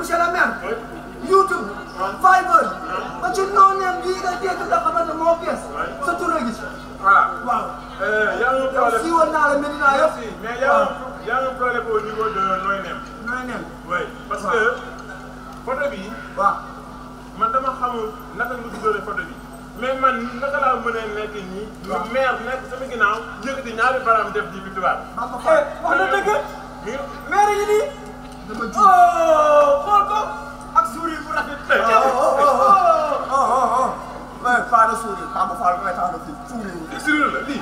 monsieur le maire. YouTube. Viber. ba ci noonee bii nga dégg nga xamante moo bees. sa gis. Ah. waaw waaw. yaa ngi problème naa la Medina yëpp. mais yaa ngi yaa ngi problème au niveau de Noynem. Noynem. oui parce que photo bi. waaw man dama xamul naka bi. mais man naka di victoire. maa eh, na dëgg. maire bii.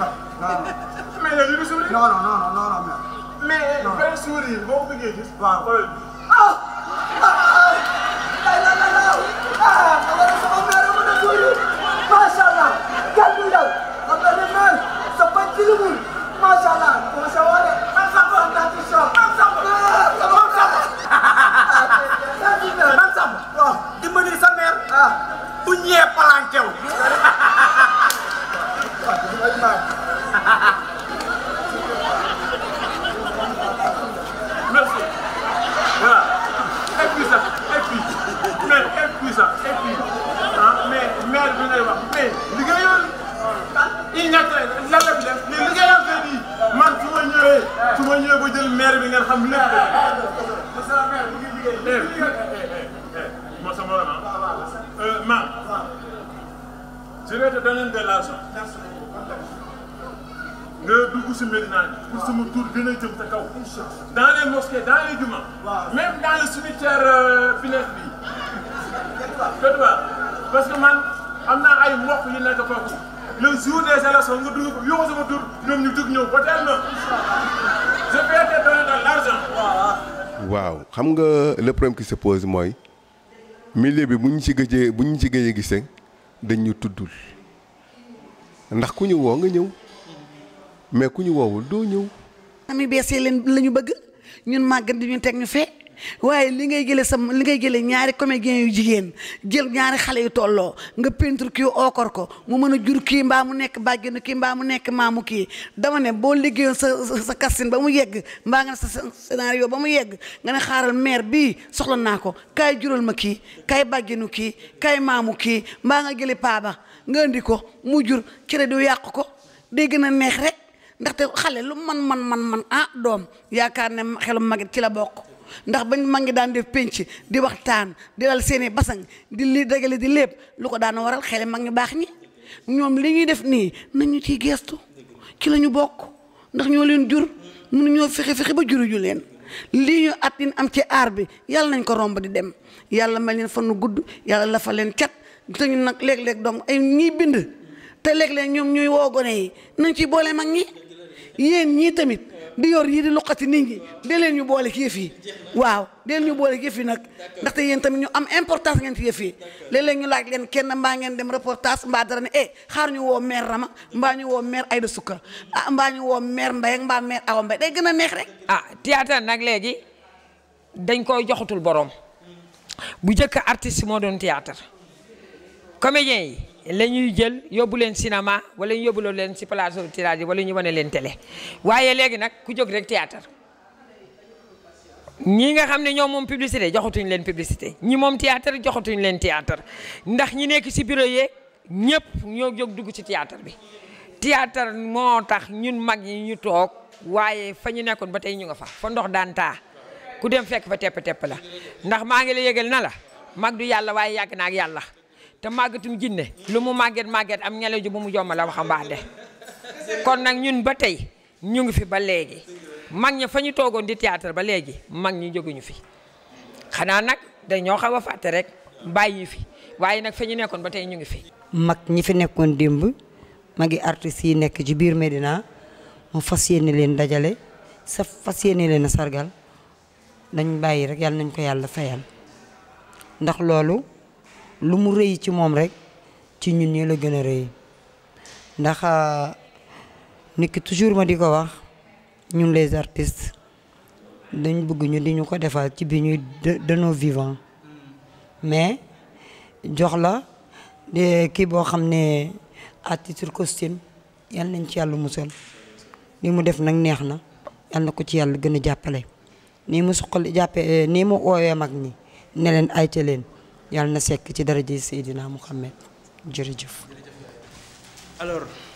mais a yu du sourire. non non non non non mais. non mais vrai sourire boo ko bëggee gis. waaw Merci. Voilà. Et puis ça, et puis, mais, et puis ça, et puis, ah, mais, mais, bu ne wax mais liggéeyoon. il ñàkk rek lan la fi def li liggéeyoon kay nii man su ma ñëwee su ma ñëwee ba jël maire bi ngeen xam lépp. monsieur le maire mi ngi liggéey. moo sama maman. maam. je vais te donner de l'argent. nga dugg si Medina pour sama tur gën jëm ca kaw. dans les mosquées dans les jumaa. même dans le cimetière euh, bi. Côte parce que man am naa ay mbokk yu nekk foofu le jour des élections nga dugg yoo sama tur ñoom ñu dugg ñëw ba teel na. je vais te donner de waaw xam nga le problème qui se pose mooy milieu bi bu ñu ci gëjee bu ñu ci gëjee gisee dañ ñu tuddul. ndax ku ñu woo nga ñëw mais ku ñu woowul doo ñëw. ami bees yi leen la ñu bëgg ñun màgg di ñu teg ñu fee. waaye li ngay jëlee sa li ngay jëlee ñaari comédien yu jigéen jël ñaari xale yu tolloo nga peintre kii ookor ko mu mën a jur kii mbaa mu nekk bàjjenu kii mbaa mu nekk maamu kii dama ne boo liggéeyoon sa sa casting ba mu yegg mbaa nga ne sa scénario ba mu yegg nga ne xaaral maire bii soxla naa ko kaay jural ma kii kaay bàjjenu kii kaay maamu kii mbaa nga jëlee paaba nga indi ko mu jur cere du yàq ko day gën a neex rek ndaxte xale lu man man man man ah doom yaakaar ne xelum magit ci la bokk ndax bañ ma ngi daan def pénc di waxtaan di dal seeni basang di lii dagale di léeb lu ko daan waral xel mag ñu baax ñi ñoom li ñuy def nii nañu ciy geestu ci lañu bokk ndax ñoo leen jur mënu ñoo fexe fexe ba juru leen lii ñu at in am ci aar bi yàlla nañ ko romb di dem yàlla ma leen fanu gudd yàlla la fa leen cat te ñu nag léeg-léeg doom ay ñiy bind te léeg-léeg ñoom ñuy woo gone yi nañ ci boole mag ñi yéen ñii tamit di yor yi di luqati nit ñi dee leen ñu boole ci yëf yi waaw dee leen ñu boole ci yëf nag ndaxte yéen tamit ñu am importance ngeen ci fii yi léeg-léeg ñu laaj leen kenn mbaa ngeen dem reportage mbaa dara ne eh xaar ñu woo maire Rama mbaa ñu woo maire Aïda Souka ah mbaa ñu woo maire Mbaye ak mbaa maire Awa Mbaye day gën a neex rek. ah théâtre nag léegi dañ koy joxatul boroom bu njëkk artiste moo doon théâtre comédien yi. la ñuy jël yóbbu leen cinéma wala ñu yóbbuloo leen si place tirage wala ñu wane leen tele waaye léegi nag ku jóg rek théâtre ñi nga xam ne ñoom moom publicité joxatuñ leen publicité ñi moom théâtre joxatuñ leen théâtre ndax ñi nekk si bureau yeeg ñëpp ñoo jóg dugg ci théâtre bi théâtre moo tax ñun mag ñi ñu toog waaye fa ñu nekkoon ba tey ñu nga fa fa ndox daan taa ku dem fekk fa tepp tepp la ndax maa ngi la yëgal na la mag du yàlla waaye yàgg na yàlla te màggatum jinne lu mu màgget màgget am ñale ju bu mu jomma la waxambaane kon nag ñun ba tey ñu ngi fi ba léegi mag ña fa ñu toogoon di théâtre ba léegi mag ñi jóguñu fi xanaa nag dañoo xaw a fàtte rek bàyyi fi waaye nag fa ñu nekkoon ba tey ñu ngi fi. mag ñi fi nekkoon démb magi artistes yi nekk ci biir Medina mu fas yéene leen dajale sa fas yéene leen a sargal dañ bàyyi rek yàlla nañ ko yàlla fayal ndax loolu. lu mu rëy ci moom rek ci ñun ñi la gën a rëy ndax euh, nit ki toujours ma di ko wax ñun les artistes dañ bëgg ñu di ñu ko defal ci bi ñuy de nos vivants mais jox la kii boo xam ne à titre costume yal nañ ci yàlla musal li mu def nag neex na yal na ko ci yàlla gën a jàppale ni mu suqal jàppe nii mu oowee mag ñi ne leen ayte yàlla na sekk ci daraja Seydina Muhammad jërëjëf alors